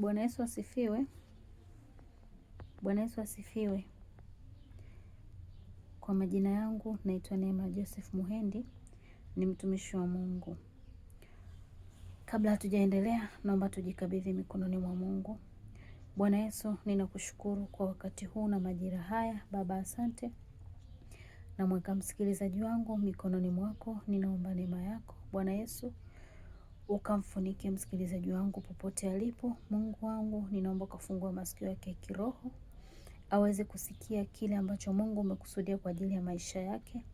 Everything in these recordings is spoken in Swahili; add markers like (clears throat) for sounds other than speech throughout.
Bwana Yesu asifiwe. Bwana Yesu asifiwe. Kwa majina yangu naitwa Neema Joseph Muhendi, ni mtumishi wa Mungu. Kabla hatujaendelea, naomba tujikabidhi mikononi mwa Mungu. Bwana Yesu, ninakushukuru kwa wakati huu na majira haya. Baba, asante. Namweka msikilizaji wangu mikononi mwako, ninaomba neema yako Bwana Yesu ukamfunike msikilizaji wangu popote alipo. Mungu wangu, ninaomba ukafungua masikio yake kiroho aweze kusikia kile ambacho Mungu umekusudia kwa ajili ya maisha yake.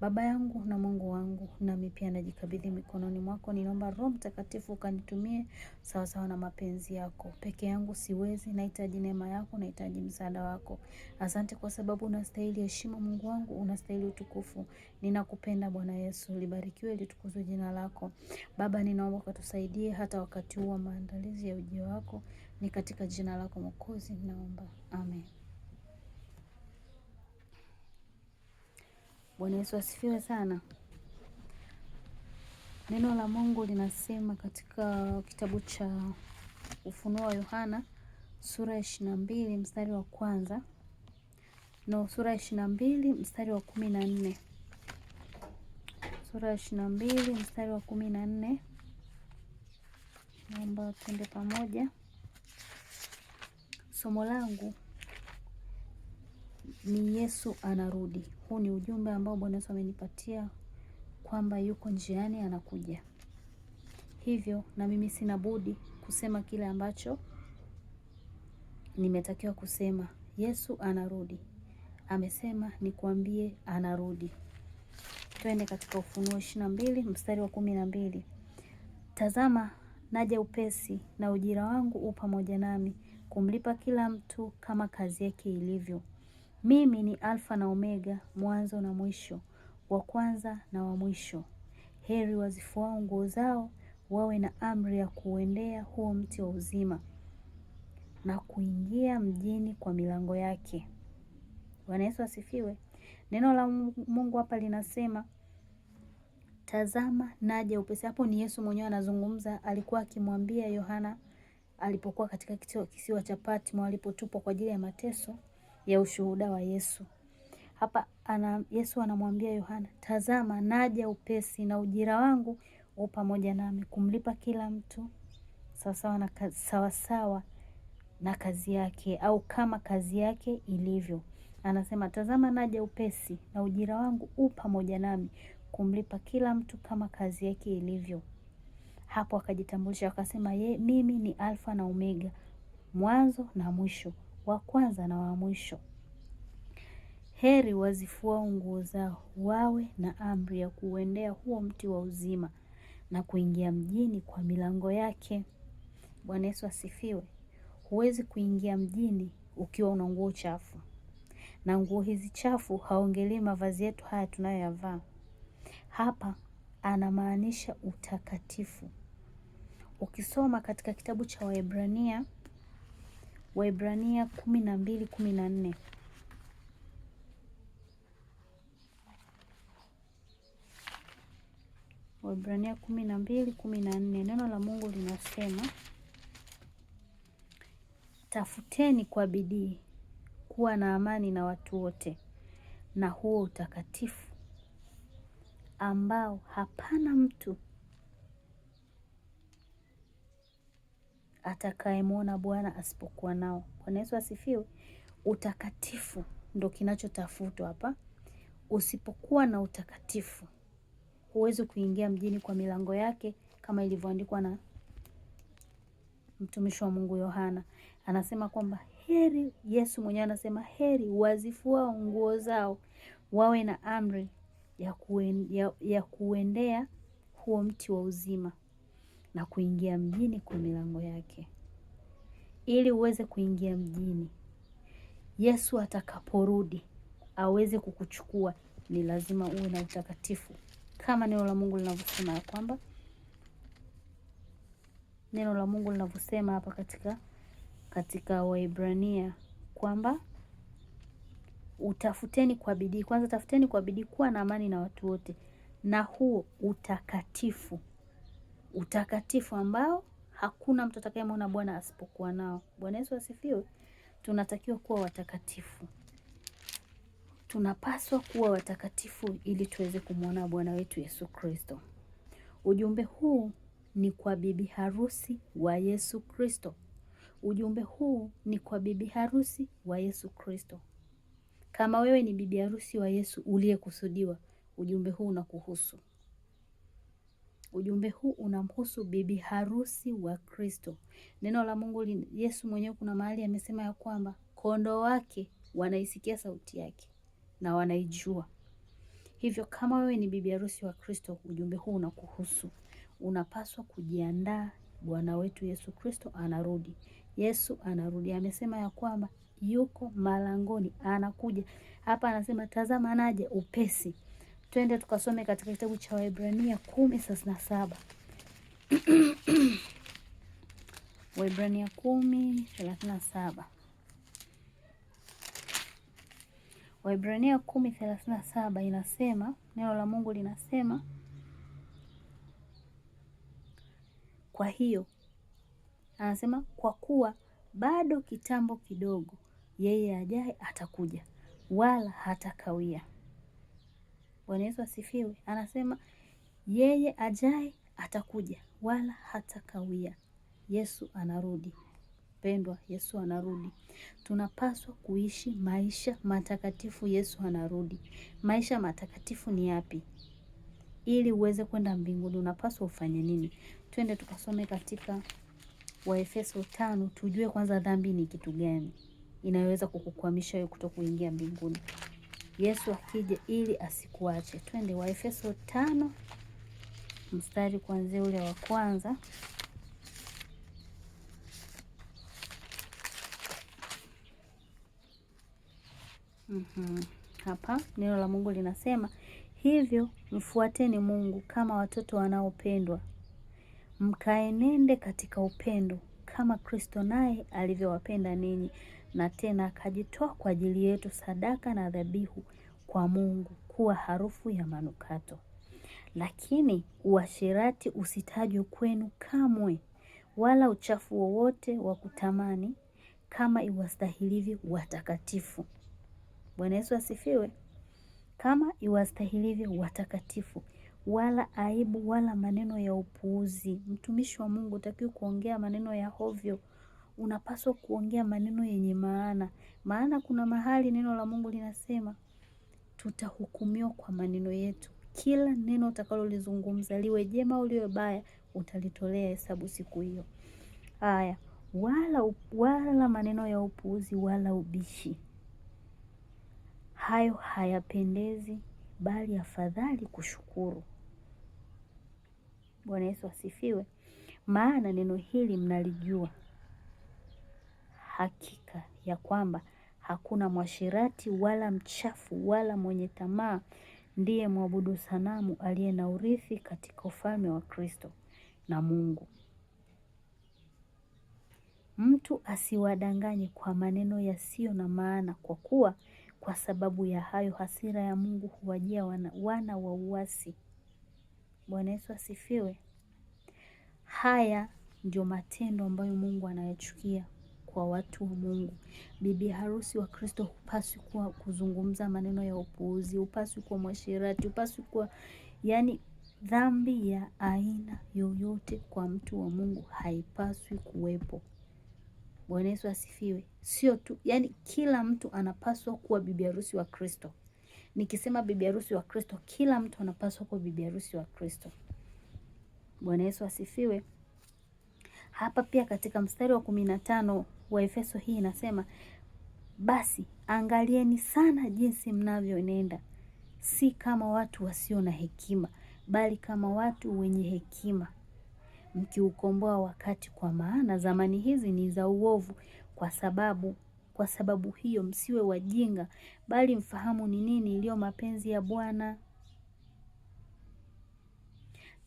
Baba yangu na Mungu wangu, nami pia najikabidhi mikononi mwako. Ninaomba Roho Mtakatifu ukanitumie sawasawa na mapenzi yako. Peke yangu siwezi, nahitaji neema yako, nahitaji msaada wako. Asante kwa sababu unastahili heshima, Mungu wangu, unastahili utukufu. Ninakupenda Bwana Yesu, libarikiwe, litukuzwe jina lako. Baba, ninaomba ukatusaidie hata wakati huu wa maandalizi ya ujio wako, ni katika jina lako Mwokozi naomba, amen. Bwana Yesu asifiwe sana. Neno la Mungu linasema katika kitabu cha Ufunuo wa Yohana sura ya ishirini na mbili mstari wa kwanza no, sura ya ishirini na mbili mstari wa kumi na nne sura ya ishirini na mbili mstari wa kumi na nne Naomba tuende pamoja somo langu ni Yesu anarudi. Huu ni ujumbe ambao Bwana Yesu amenipatia kwamba yuko njiani anakuja. Hivyo na mimi sina budi kusema kile ambacho nimetakiwa kusema. Yesu anarudi, amesema nikuambie, anarudi. Twende katika Ufunuo ishirini na mbili mstari wa kumi na mbili. Tazama naja upesi, na ujira wangu u pamoja nami, kumlipa kila mtu kama kazi yake ilivyo. Mimi ni Alfa na Omega, mwanzo na mwisho, wa kwanza na wa mwisho. Heri wazifuao nguo zao, wawe na amri ya kuuendea huo mti wa uzima na kuingia mjini kwa milango yake. Bwana Yesu asifiwe. Neno la Mungu hapa linasema tazama, naja upesi. Hapo ni Yesu mwenyewe anazungumza, alikuwa akimwambia Yohana alipokuwa katika kisiwa cha Patmo alipotupwa kwa ajili ya mateso ya ushuhuda wa Yesu. Hapa ana, Yesu anamwambia Yohana, tazama naja upesi na ujira wangu u pamoja nami kumlipa kila mtu sawasawa na, sawasawa na kazi yake au kama kazi yake ilivyo. Anasema tazama naja upesi na ujira wangu u pamoja nami kumlipa kila mtu kama kazi yake ilivyo. Hapo akajitambulisha akasema, ye mimi ni Alfa na Omega, mwanzo na mwisho wa kwanza na wa mwisho. Heri wazifua nguo zao, wawe na amri ya kuuendea huo mti wa uzima na kuingia mjini kwa milango yake. Bwana Yesu asifiwe. Huwezi kuingia mjini ukiwa una nguo chafu, na nguo hizi chafu haongelei mavazi yetu haya tunayoyavaa hapa, anamaanisha utakatifu. Ukisoma katika kitabu cha Waebrania Waibrania 12:14. Waibrania 12:14. Neno la Mungu linasema, tafuteni kwa bidii kuwa na amani na watu wote na huo utakatifu ambao hapana mtu atakayemwona Bwana asipokuwa nao. Bwana Yesu asifiwe. Utakatifu ndo kinachotafutwa hapa. Usipokuwa na utakatifu huwezi kuingia mjini kwa milango yake, kama ilivyoandikwa na mtumishi wa Mungu Yohana. Anasema kwamba heri, Yesu mwenyewe anasema heri wazifuao nguo zao, wawe na amri ya, kuen, ya, ya kuendea huo mti wa uzima na kuingia mjini kwa milango yake. Ili uweze kuingia mjini, Yesu atakaporudi aweze kukuchukua, ni lazima uwe na utakatifu, kama neno la Mungu linavyosema ya kwamba neno la Mungu linavyosema hapa katika katika Waebrania kwamba utafuteni kwa bidii kwanza, tafuteni kwa bidii kuwa na amani na watu wote, na huo utakatifu utakatifu ambao hakuna mtu atakayemwona Bwana asipokuwa nao. Bwana Yesu asifiwe. Tunatakiwa kuwa watakatifu, tunapaswa kuwa watakatifu ili tuweze kumwona Bwana wetu Yesu Kristo. Ujumbe huu ni kwa bibi harusi wa Yesu Kristo. Ujumbe huu ni kwa bibi harusi wa Yesu Kristo. Kama wewe ni bibi harusi wa Yesu uliyekusudiwa, ujumbe huu unakuhusu. Ujumbe huu unamhusu bibi harusi wa Kristo. Neno la Mungu, Yesu mwenyewe kuna mahali amesema ya kwamba kondoo wake wanaisikia sauti yake na wanaijua. Hivyo kama wewe ni bibi harusi wa Kristo, ujumbe huu unakuhusu. Unapaswa kujiandaa, Bwana wetu Yesu Kristo anarudi. Yesu anarudi, amesema ya kwamba yuko malangoni, anakuja. Hapa anasema tazama, naje upesi. Twende tukasome katika kitabu cha Waebrania kumi thelathini na saba (clears throat) Waebrania kumi thelathini na saba Waebrania kumi thelathini na saba inasema, neno la Mungu linasema, kwa hiyo anasema, kwa kuwa bado kitambo kidogo, yeye ajaye atakuja, wala hatakawia. Bwana Yesu asifiwe. Anasema yeye ajaye atakuja wala hatakawia. Yesu anarudi pendwa, Yesu anarudi. Tunapaswa kuishi maisha matakatifu. Yesu anarudi. Maisha matakatifu ni yapi? Ili uweze kwenda mbinguni unapaswa ufanye nini? Twende tukasome katika Waefeso tano, tujue kwanza dhambi ni kitu gani inayoweza kukukwamisha wewe kutokuingia mbinguni. Yesu akija ili asikuache. Twende Waefeso tano mstari kuanzia ule wa kwanza. Mm -hmm. Hapa neno la Mungu linasema hivyo, mfuateni Mungu kama watoto wanaopendwa, mkaenende katika upendo kama Kristo naye alivyowapenda ninyi na tena akajitoa kwa ajili yetu sadaka na dhabihu kwa Mungu kuwa harufu ya manukato. Lakini uasherati usitajwe kwenu kamwe, wala uchafu wowote wa kutamani, kama iwastahilivyo watakatifu. Bwana Yesu asifiwe. Kama iwastahilivyo watakatifu, wala aibu wala maneno ya upuuzi. Mtumishi wa Mungu utakiwe kuongea maneno ya hovyo unapaswa kuongea maneno yenye maana, maana kuna mahali neno la Mungu linasema tutahukumiwa kwa maneno yetu. Kila neno utakalolizungumza liwe jema au liwe baya, utalitolea hesabu siku hiyo. Haya, wala wala maneno ya upuuzi wala ubishi, hayo hayapendezi, bali afadhali kushukuru. Bwana Yesu asifiwe. Maana neno hili mnalijua hakika ya kwamba hakuna mwashirati wala mchafu wala mwenye tamaa ndiye mwabudu sanamu aliye na urithi katika ufalme wa Kristo na Mungu. Mtu asiwadanganye kwa maneno yasiyo na maana, kwa kuwa kwa sababu ya hayo hasira ya Mungu huwajia wana, wana wa uasi. Bwana Yesu asifiwe. Haya ndio matendo ambayo Mungu anayachukia kwa watu wa Mungu. Bibi harusi wa Kristo hupaswi kuwa kuzungumza maneno ya upuuzi, hupaswi kuwa mwashirati hupaswi kuwa yani dhambi ya aina yoyote kwa mtu wa Mungu haipaswi kuwepo. Bwana Yesu asifiwe. Sio tu yani, kila mtu anapaswa kuwa bibi harusi wa Kristo. Nikisema bibi harusi wa Kristo, kila mtu anapaswa kuwa bibi harusi wa Kristo. Bwana Yesu asifiwe. Hapa pia katika mstari wa kumi na tano Waefeso hii inasema basi angalieni sana jinsi mnavyoenenda, si kama watu wasio na hekima, bali kama watu wenye hekima, mkiukomboa wakati, kwa maana zamani hizi ni za uovu. Kwa sababu kwa sababu hiyo msiwe wajinga, bali mfahamu ni nini iliyo mapenzi ya Bwana.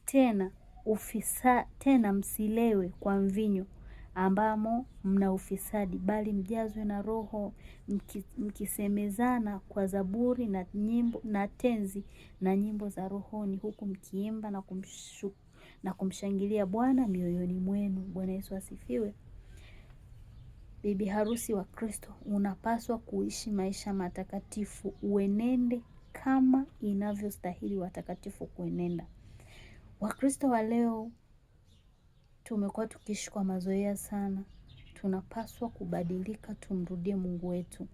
Tena ufisa, tena msilewe kwa mvinyo ambamo mna ufisadi, bali mjazwe na Roho mkisemezana kwa zaburi na nyimbo, na tenzi na nyimbo za rohoni, huku mkiimba na kumshu, na kumshangilia Bwana mioyoni mwenu. Bwana Yesu asifiwe. Bibi harusi wa Kristo, unapaswa kuishi maisha matakatifu, uenende kama inavyostahili watakatifu kuenenda. Wakristo wa leo Tumekuwa tukiishi kwa mazoea sana. Tunapaswa kubadilika tumrudie Mungu wetu.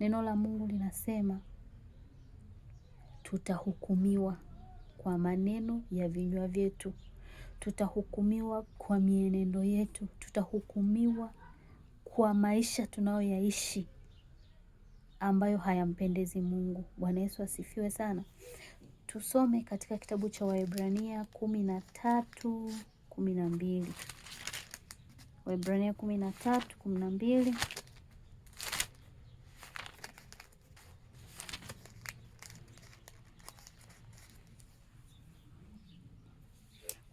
Neno la Mungu linasema tutahukumiwa kwa maneno ya vinywa vyetu. Tutahukumiwa kwa mienendo yetu. Tutahukumiwa kwa maisha tunayoyaishi ambayo hayampendezi Mungu. Bwana Yesu asifiwe sana. Tusome katika kitabu cha Waebrania kumi na tatu kumi na mbili. Waebrania kumi na tatu kumi na mbili.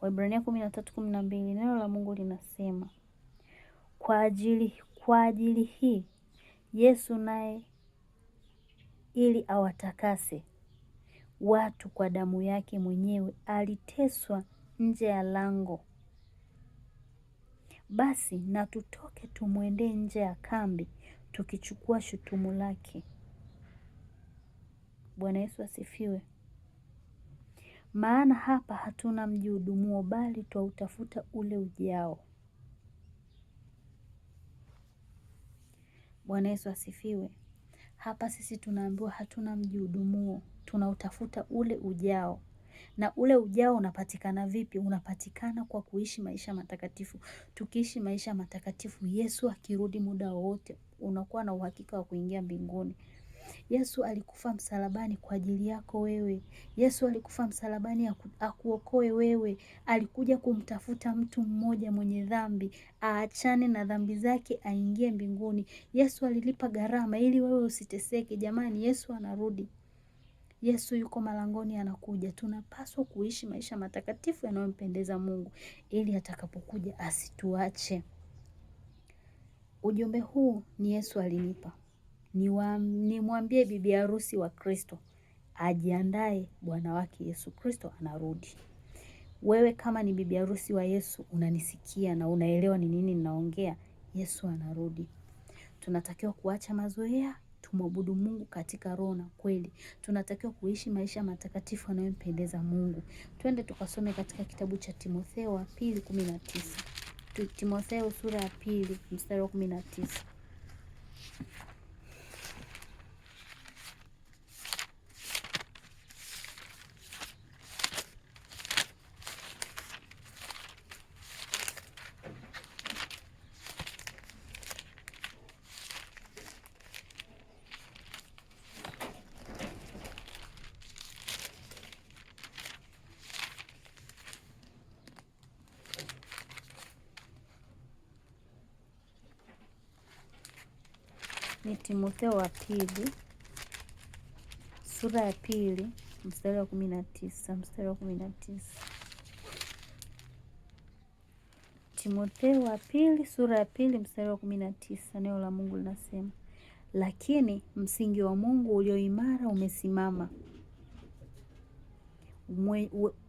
Waebrania kumi na tatu kumi na mbili. Neno la Mungu linasema kwa ajili, kwa ajili hii Yesu naye ili awatakase watu kwa damu yake mwenyewe aliteswa nje ya lango basi na tutoke tumwendee nje ya kambi tukichukua shutumu lake. Bwana Yesu asifiwe. Maana hapa hatuna mji udumuo, bali twautafuta ule ujao. Bwana Yesu asifiwe. Hapa sisi tunaambiwa hatuna mji udumuo, tunautafuta ule ujao na ule ujao unapatikana vipi? Unapatikana kwa kuishi maisha matakatifu. Tukiishi maisha matakatifu, Yesu akirudi muda wowote, unakuwa na uhakika wa kuingia mbinguni. Yesu alikufa msalabani kwa ajili yako wewe. Yesu alikufa msalabani akuokoe wewe. Alikuja kumtafuta mtu mmoja mwenye dhambi, aachane na dhambi zake, aingie mbinguni. Yesu alilipa gharama ili wewe usiteseke. Jamani, Yesu anarudi. Yesu yuko malangoni anakuja. Tunapaswa kuishi maisha matakatifu yanayompendeza Mungu ili atakapokuja asituache. Ujumbe huu ni Yesu alinipa. Nimwambie bibi harusi wa Kristo ajiandae, bwana wake Yesu Kristo anarudi. Wewe kama ni bibi harusi wa Yesu unanisikia na unaelewa ni nini ninaongea. Yesu anarudi. Tunatakiwa kuacha mazoea tumwabudu Mungu katika roho na kweli. Tunatakiwa kuishi maisha matakatifu yanayompendeza Mungu. Twende tukasome katika kitabu cha Timotheo wa pili kumi na tisa. Timotheo sura ya pili mstari wa kumi na tisa. ni Timotheo wa pili sura ya pili mstari wa kumi na tisa mstari wa kumi na tisa Timotheo wa pili sura ya pili mstari wa kumi na tisa Neno la Mungu linasema lakini msingi wa Mungu ulio imara umesimama,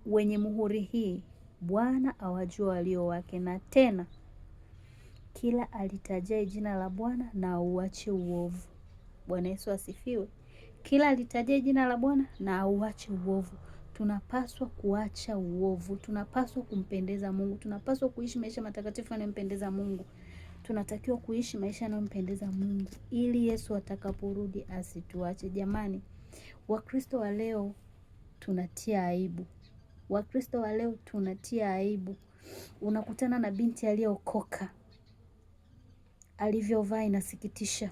wenye muhuri hii, Bwana awajua walio wake, na tena kila alitajaye jina la Bwana na auache uovu. Bwana Yesu asifiwe. Kila alitajaye jina la Bwana na auache uovu. Tunapaswa kuacha uovu, tunapaswa kumpendeza Mungu, tunapaswa kuishi maisha matakatifu yanayompendeza Mungu. Tunatakiwa kuishi maisha yanayompendeza Mungu ili Yesu atakaporudi asituache. Jamani, Wakristo wa leo tunatia aibu. Wakristo wa leo tunatia aibu. Unakutana na binti aliyeokoka alivyovaa inasikitisha.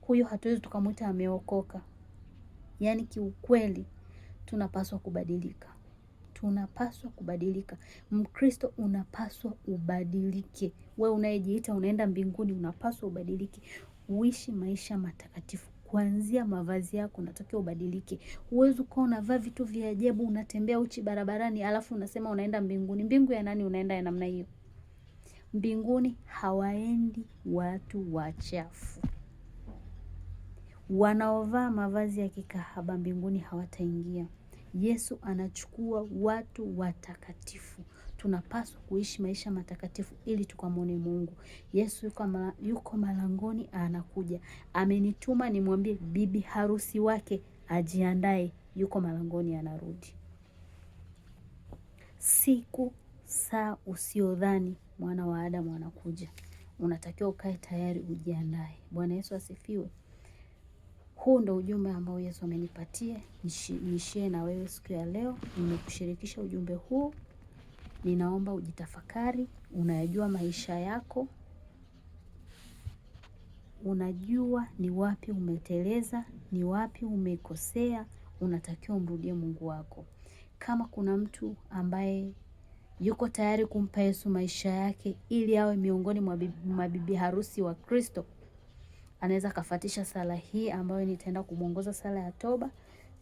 Huyo hatuwezi tukamwita ameokoka. Yaani kiukweli tunapaswa kubadilika, tunapaswa kubadilika. Mkristo unapaswa ubadilike. We unayejiita unaenda mbinguni, unapaswa ubadilike, uishi maisha matakatifu. Kuanzia mavazi yako unatakiwa ubadilike. Huwezi ukawa unavaa vitu vya ajabu, unatembea uchi barabarani, alafu unasema unaenda mbinguni. Mbingu ya nani unaenda ya namna hiyo? Mbinguni hawaendi watu wachafu. Wanaovaa mavazi ya kikahaba mbinguni hawataingia. Yesu anachukua watu watakatifu. Tunapaswa kuishi maisha matakatifu ili tukamwone Mungu. Yesu yuko, mala, yuko malangoni anakuja. Amenituma nimwambie bibi harusi wake ajiandae, yuko malangoni anarudi. Siku saa usiodhani mwana wa Adamu anakuja. Unatakiwa ukae tayari, ujiandae. Bwana Yesu asifiwe. Huu ndo ujumbe ambao Yesu amenipatia nishie na wewe siku ya leo. Nimekushirikisha ujumbe huu, ninaomba ujitafakari. Unayajua maisha yako, unajua ni wapi umeteleza, ni wapi umekosea. Unatakiwa umrudie Mungu wako. Kama kuna mtu ambaye yuko tayari kumpa Yesu maisha yake ili awe miongoni mwa mabibi harusi wa Kristo, anaweza akafatisha sala hii ambayo nitaenda kumwongoza sala ya toba,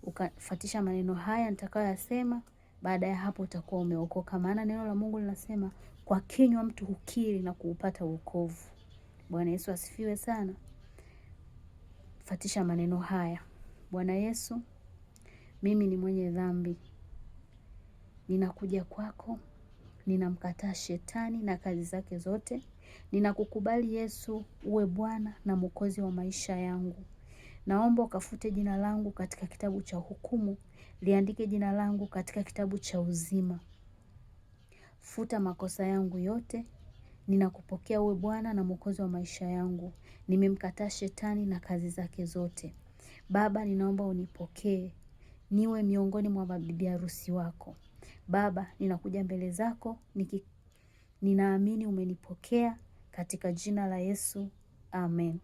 ukafatisha maneno haya nitakayoyasema. Baada ya hapo utakuwa umeokoka, maana neno la Mungu linasema kwa kinywa mtu hukiri na kuupata wokovu. Bwana Yesu asifiwe sana. Fatisha maneno haya: Bwana Yesu, mimi ni mwenye dhambi, ninakuja kwako ninamkataa shetani na kazi zake zote. Ninakukubali Yesu uwe Bwana na Mwokozi wa maisha yangu. Naomba ukafute jina langu katika kitabu cha hukumu, liandike jina langu katika kitabu cha uzima. Futa makosa yangu yote. Ninakupokea uwe Bwana na Mwokozi wa maisha yangu. Nimemkataa shetani na kazi zake zote. Baba, ninaomba unipokee niwe miongoni mwa mabibi harusi wako. Baba, ninakuja mbele zako niki, ninaamini umenipokea katika jina la Yesu, amen.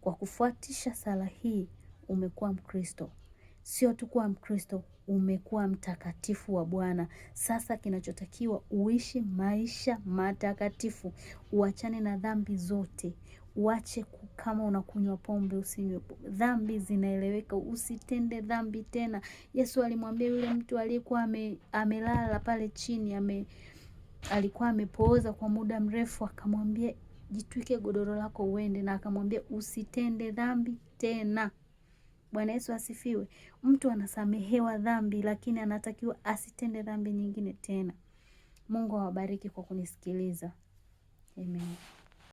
Kwa kufuatisha sala hii umekuwa Mkristo. Sio tu kuwa Mkristo, umekuwa mtakatifu wa Bwana. Sasa kinachotakiwa uishi maisha matakatifu, uachane na dhambi zote, uache kama unakunywa pombe usinywe pombe. Dhambi zinaeleweka, usitende dhambi tena. Yesu alimwambia yule mtu aliyekuwa ame, amelala pale chini ame, alikuwa amepooza kwa muda mrefu, akamwambia jitwike godoro lako uende, na akamwambia usitende dhambi tena. Bwana Yesu asifiwe. Mtu anasamehewa dhambi, lakini anatakiwa asitende dhambi nyingine tena. Mungu awabariki kwa kunisikiliza. Amen.